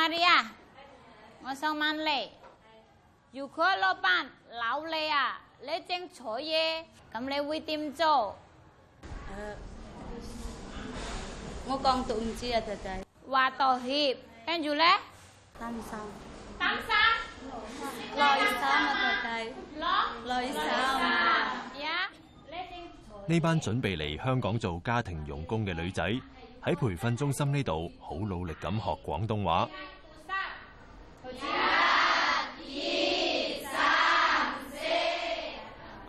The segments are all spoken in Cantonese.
阿你啊，我上萬嚟。如果老闆鬧你啊，你正坐嘢，咁你會點做？我講都唔知啊，就就。話道歉，跟住咧。三三。三三。女生啊，女仔。女生。呢班準備嚟香港做家庭傭工嘅女仔。喺培訓中心呢度，好努力咁學廣東話。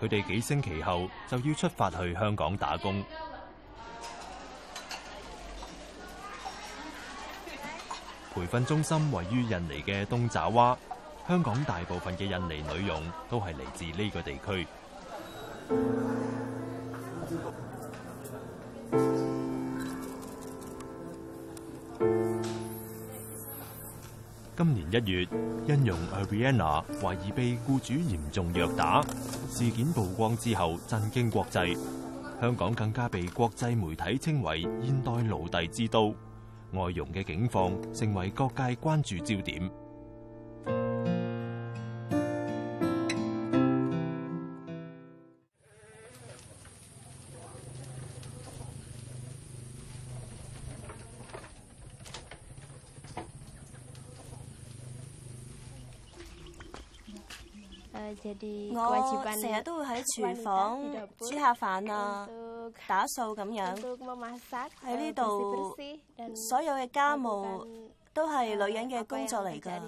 佢哋幾星期後就要出發去香港打工。培訓中心位於印尼嘅東爪哇，香港大部分嘅印尼女傭都係嚟自呢個地區。一月，印傭 Erwiana 懷疑被僱主嚴重虐打，事件曝光之後震驚國際。香港更加被國際媒體稱為現代奴隸之都，外傭嘅境況成為各界關注焦點。我成日都會喺廚房煮下飯啊，打掃咁樣。喺呢度所有嘅家務都係女人嘅工作嚟嘅。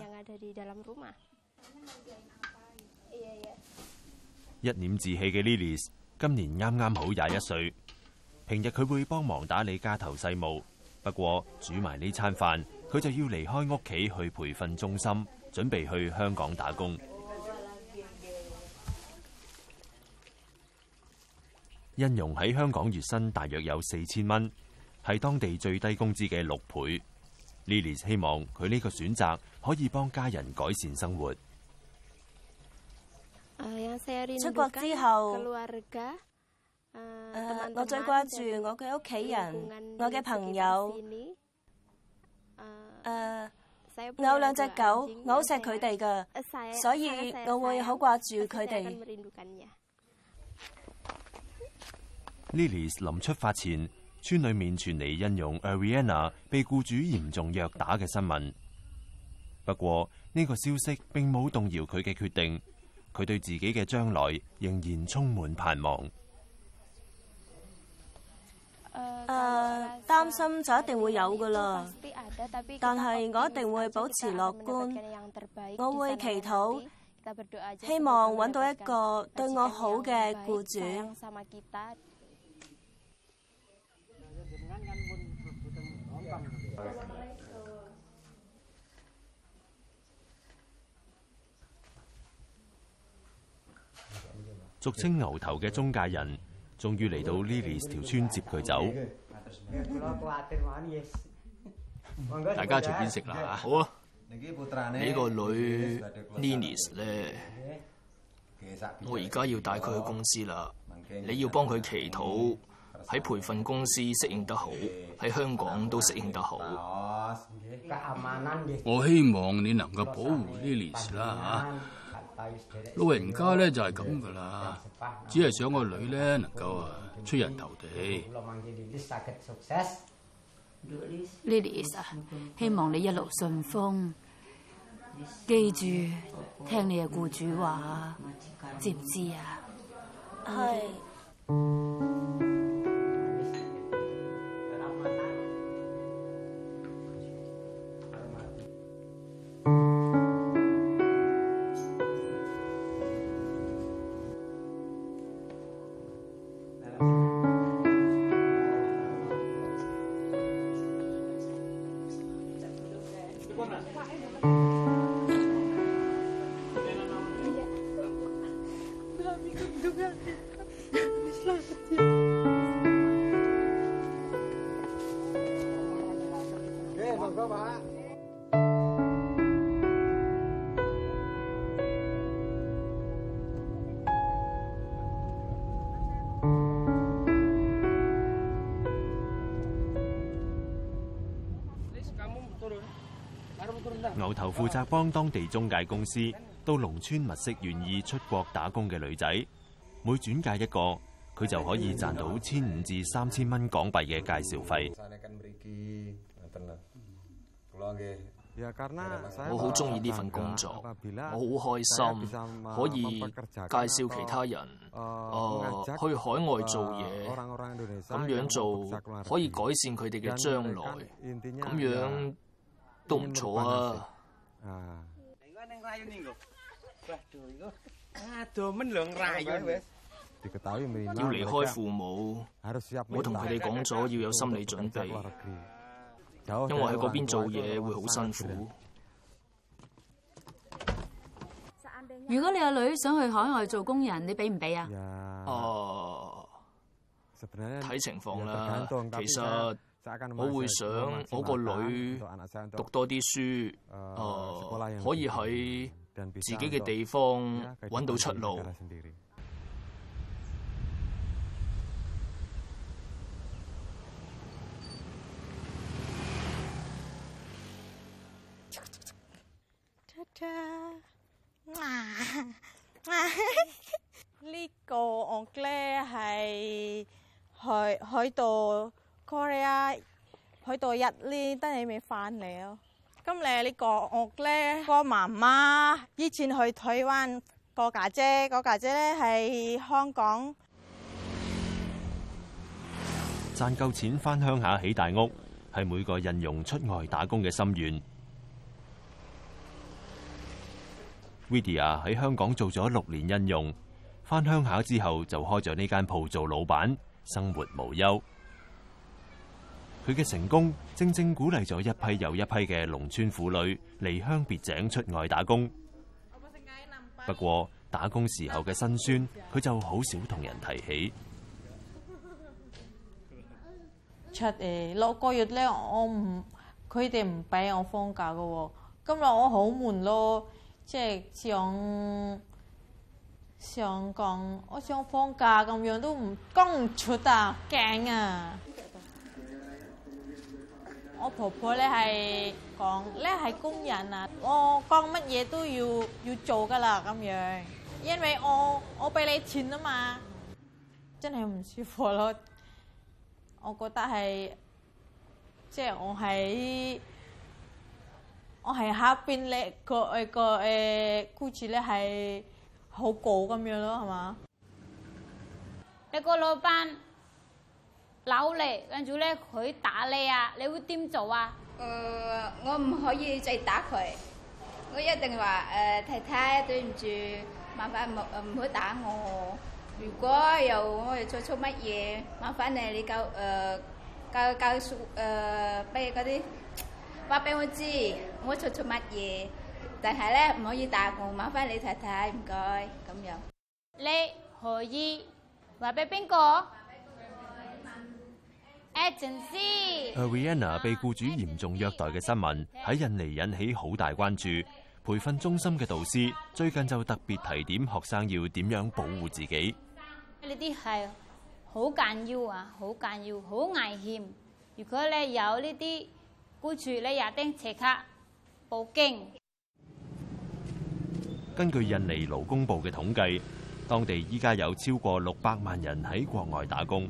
一臉稚氣嘅 Lilis 今年啱啱好廿一歲，平日佢會幫忙打理家頭細務，不過煮埋呢餐飯，佢就要離開屋企去培訓中心，準備去香港打工。印傭喺香港月薪大約有四千蚊，係當地最低工資嘅六倍。Lilis 希望佢呢個選擇可以幫家人改善生活。出國之後，我最掛住我嘅屋企人、我嘅朋友。誒，我有兩隻狗，我好錫佢哋噶，所以我會好掛住佢哋。Lilis 臨出發前，村裏面傳嚟印傭 Erwiana 被僱主嚴重虐打嘅新聞。不過呢個消息並冇動搖佢嘅決定，佢對自己嘅將來仍然充滿盼望。誒，擔心就一定會有㗎喇，但係我一定會保持樂觀，我會祈禱，希望揾到一個對我好嘅僱主。俗稱牛頭嘅中介人，終於嚟到 Lilis 條村接佢走。嗯、大家隨便食啦嚇，好啊！你個女 Lilis 咧，我而家要帶佢去公司啦，你要幫佢祈禱。嗯喺培訓公司適應得好，喺香港都適應得好。我希望你能夠保護 Lilis 啦嚇，老人家咧就係咁噶啦，只係想個女咧能夠啊出人頭地。Lilis 啊，希望你一路順風，記住，聽你嘅僱主話知唔知啊？係。頭負責幫當地中介公司到農村物色願意出國打工嘅女仔，每轉介一個佢就可以賺到千五至三千蚊港幣嘅介紹費。我好中意呢份工作，我好開心可以介紹其他人誒去海外做嘢，咁樣做可以改善佢哋嘅將來，咁樣都唔錯啊。啊！要離開父母，我同佢哋講咗要有心理準備，因為喺嗰邊做嘢會好辛苦。如果你阿女想去海外做工人，你俾唔俾啊？哦，睇情況啦。其實。我會想我個女讀多啲書，可以喺自己嘅地方搵到出路，呃。呢個我咧係喺喺度。佢哋啊，去到一年都未未返嚟。咁咧呢個屋咧，個媽媽以前去台灣，個家姐，個家姐咧係香港賺夠錢翻鄉下起大屋，係每個印傭出外打工嘅心願。Vidia 喺香港做咗六年印傭，翻鄉下之後就開咗呢間鋪做老闆，生活無憂。佢嘅成功，正正鼓勵咗一批又一批嘅農村婦女離鄉別井出外打工。不過打工時候嘅辛酸，佢就好少同人提起。出嚟六個月咧，我唔，佢哋唔俾我放假噶。今日我好悶咯，即係想想講，我想放假咁樣都唔講唔出啊，驚啊！我婆婆咧係講咧係工人啊，我講乜嘢都要要做噶啦咁樣，因為我我俾你錢啊嘛，真係唔舒服咯。我覺得係即係我喺我喺下邊咧個個誒雇主咧係好過咁樣咯，係嘛？你個老闆？扭你，跟住咧佢打你啊！你會點做啊？誒、呃，我唔可以再打佢，我一定話誒、呃、太太對唔住，麻煩唔唔好打我。如果又我哋做出乜嘢，麻煩你你教，誒、呃、教教誒俾嗰啲話俾我知，我做出乜嘢。但係咧唔可以打我，麻煩你太太唔該咁樣。你可以話俾邊個？阿瑞安娜被僱主嚴重虐待嘅新聞喺印尼引起好大關注。培訓中心嘅導師最近就特別提點學生要點樣保護自己。呢啲係好緊要啊，好緊要，好危險。如果咧有呢啲僱主咧，也丁即刻報警。根據印尼勞工部嘅統計，當地依家有超過六百萬人喺國外打工。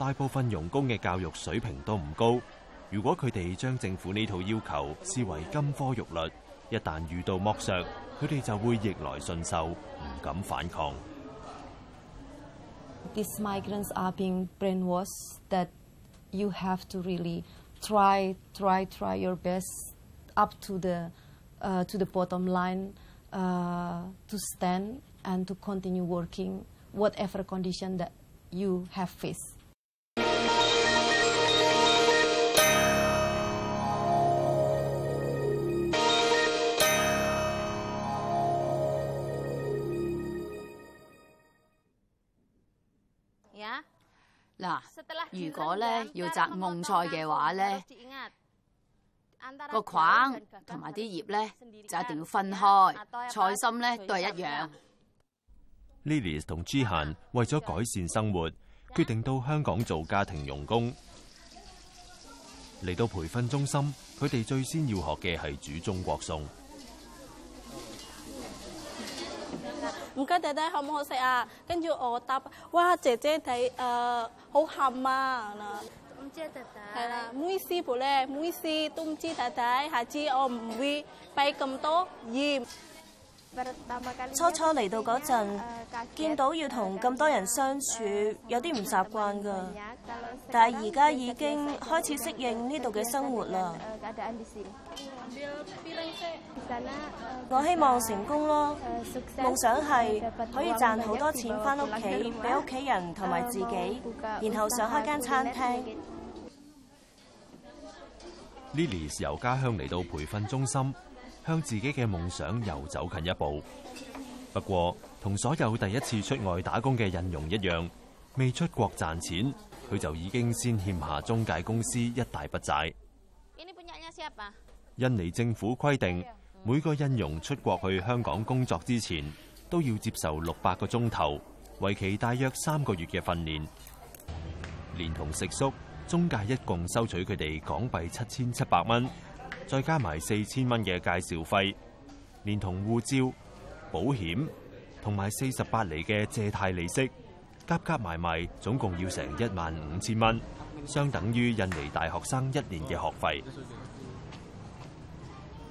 大部分傭工嘅教育水平都唔高。如果佢哋將政府呢套要求視為金科玉律，一旦遇到剝削，佢哋就會逆來順受，唔敢反抗。These migrants are being brainwashed that you have to really try, try, try your best up to the, uh, to the bottom line, uh, to stand and to continue working whatever condition that you have faced. 如果咧要摘蕹菜嘅話咧，個框同埋啲葉咧就一定要分開，菜心咧都係一樣。Lilis 同朱嫻為咗改善生活，決定到香港做家庭傭工。嚟到培訓中心，佢哋最先要學嘅係煮中國餸。唔該，弟弟好唔好食啊？跟住我答，哇姐姐睇誒好鹹啊嗱。唔知啊，弟弟。係啦，妹師傅咧，妹師都唔知弟弟，下次我唔會擺咁多鹽。初初嚟到嗰陣，見到要同咁多人相處，有啲唔習慣㗎。但係而家已經開始適應呢度嘅生活啦。我希望成功咯，夢想係可以賺好多錢回，翻屋企俾屋企人同埋自己，然後想開間餐廳。Lilis 由家鄉嚟到培訓中心，向自己嘅夢想又走近一步。不過，同所有第一次出外打工嘅印傭一樣，未出國賺錢，佢就已經先欠下中介公司一大筆債。印尼政府規定，每個印傭出國去香港工作之前，都要接受六百個鐘頭，為期大約三個月嘅訓練，連同食宿中介一共收取佢哋港幣七千七百蚊，再加埋四千蚊嘅介紹費，連同護照、保險同埋四十八厘嘅借貸利息，加加埋埋總共要成一萬五千蚊，相等於印尼大學生一年嘅學費。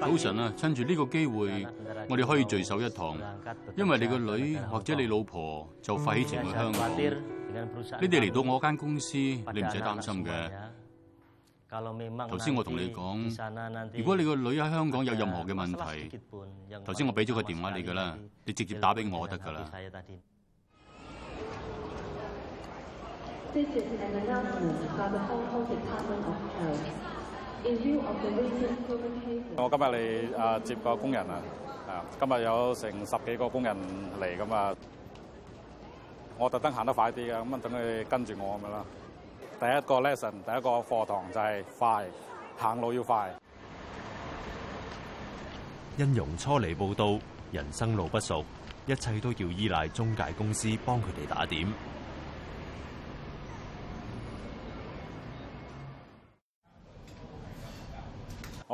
早晨啊，趁住呢個機會，我哋可以聚首一堂，因為你個女或者你老婆就快起程去香港。嗯、你哋嚟到我間公司，你唔使擔心嘅。頭先我同你講，如果你個女喺香港有任何嘅問題，頭先我俾咗個電話你噶啦，你直接打俾我得噶啦。嗯我今日嚟啊接個工人啊，今日有成十幾個工人嚟咁啊，我特登行得快啲啊。咁啊等佢跟住我咁咯。第一個 lesson，第一個課堂就係快，行路要快。印傭初嚟報到，人生路不熟，一切都要依賴中介公司幫佢哋打點。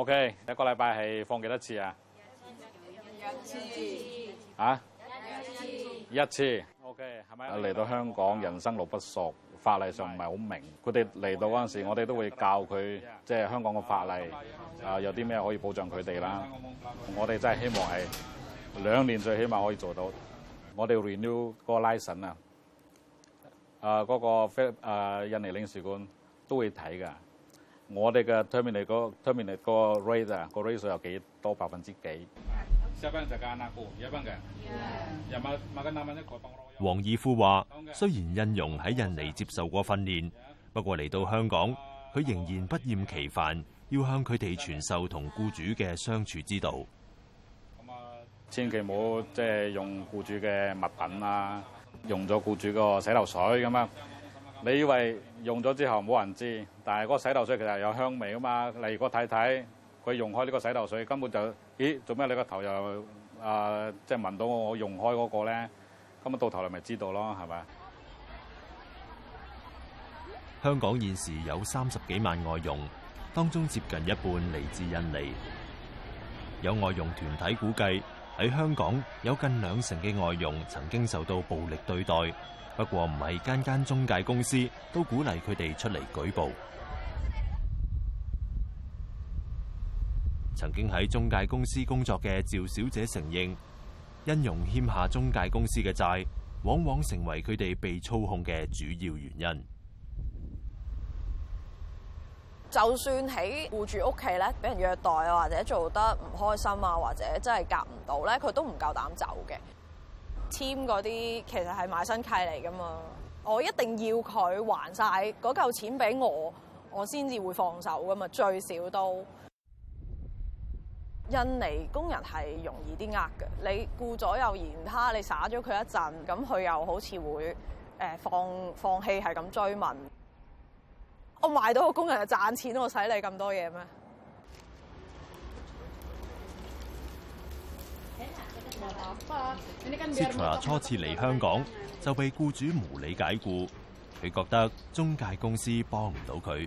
OK，一個禮拜係放幾多次啊？嚇，一次。OK，係咪？嚟到香港，人生路不熟，法例上唔係好明。佢哋嚟到嗰陣時，我哋都會教佢，即係香港嘅法例啊，有啲咩可以保障佢哋啦。我哋真係希望係兩年最起碼可以做到。我哋 renew 個 license 啊，啊嗰個誒印尼領事館都會睇㗎。我哋嘅 terminal 個 terminal 個 rate 啊，個 razor 有幾多百分之幾？一班就叫阿納一班嘅，黃義富話：雖然印傭喺印尼接受過訓練，不過嚟到香港，佢仍然不厭其煩，要向佢哋傳授同僱主嘅相處之道。千祈冇即係用僱主嘅物品啊，用咗僱主個洗頭水咁啊！你以為用咗之後冇人知，但係嗰個洗頭水其實有香味啊嘛。例如個太太佢用開呢個洗頭水，根本就咦做咩你個頭又啊即係聞到我用開嗰個咧？咁啊到頭嚟咪知道咯，係咪？香港現時有三十幾萬外傭，當中接近一半嚟自印尼。有外傭團體估計。喺香港有近兩成嘅外傭曾經受到暴力對待，不過唔係間間中介公司都鼓勵佢哋出嚟舉報。曾經喺中介公司工作嘅趙小姐承認，印傭欠下中介公司嘅債，往往成為佢哋被操控嘅主要原因。就算喺僱住屋企咧，俾人虐待啊，或者做得唔開心啊，或者真係夾唔到咧，佢都唔夠膽走嘅。簽嗰啲其實係賣身契嚟㗎嘛，我一定要佢還晒嗰嚿錢俾我，我先至會放手㗎嘛，最少都。印尼工人係容易啲呃㗎，你顧左右而言他，你耍咗佢一陣，咁佢又好似會誒放放棄，係咁追問。我賣到個工人就賺錢喎，我使你咁多嘢咩？Sita 初次嚟香港就被僱主無理解僱，佢覺得中介公司幫唔到佢。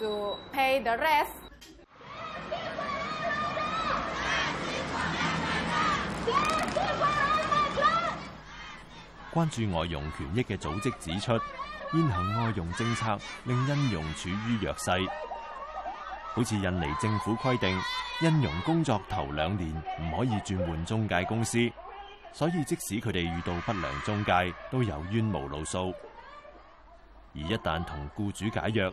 要 pay the rest。關注外傭權益嘅組織指出，現行外傭政策令印傭處於弱勢。好似印尼政府規定，印傭工作頭兩年唔可以轉換中介公司，所以即使佢哋遇到不良中介都有冤無路訴。而一旦同雇主解約，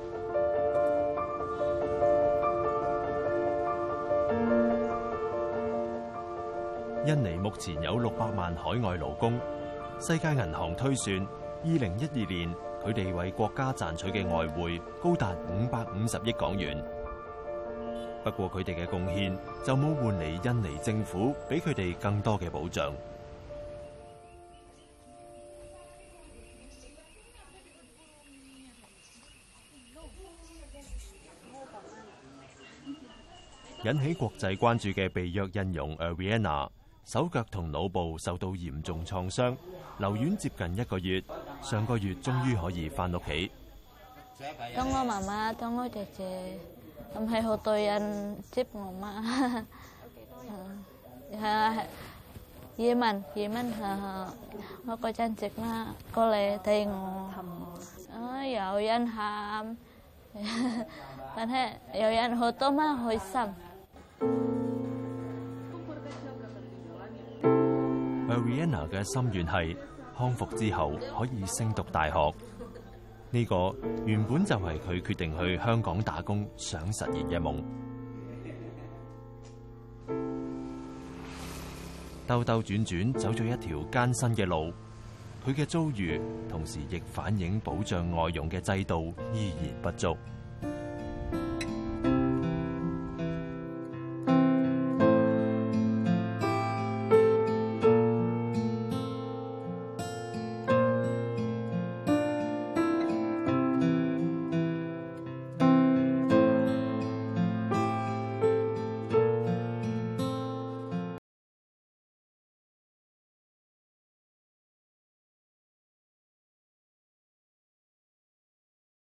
印尼目前有六百萬海外勞工，世界銀行推算，二零一二年佢哋為國家賺取嘅外匯高達五百五十億港元。不過佢哋嘅貢獻就冇換嚟印尼政府俾佢哋更多嘅保障。引起國際關注嘅被虐印傭 Erwiana。手腳同腦部受到嚴重創傷，留院接近一個月，上個月終於可以翻屋企。咁我媽媽咁我姐姐，咁係好多人接我嘛。啊，依家依家，我、那個親戚嘛，過嚟睇我。有人有人喊，但係有人好多，我開心。Erwiana 嘅心願係康復之後可以升讀大學，呢、這個原本就係佢決定去香港打工，想實現嘅夢。兜兜轉轉走咗一條艱辛嘅路，佢嘅遭遇同時亦反映保障外傭嘅制度依然不足。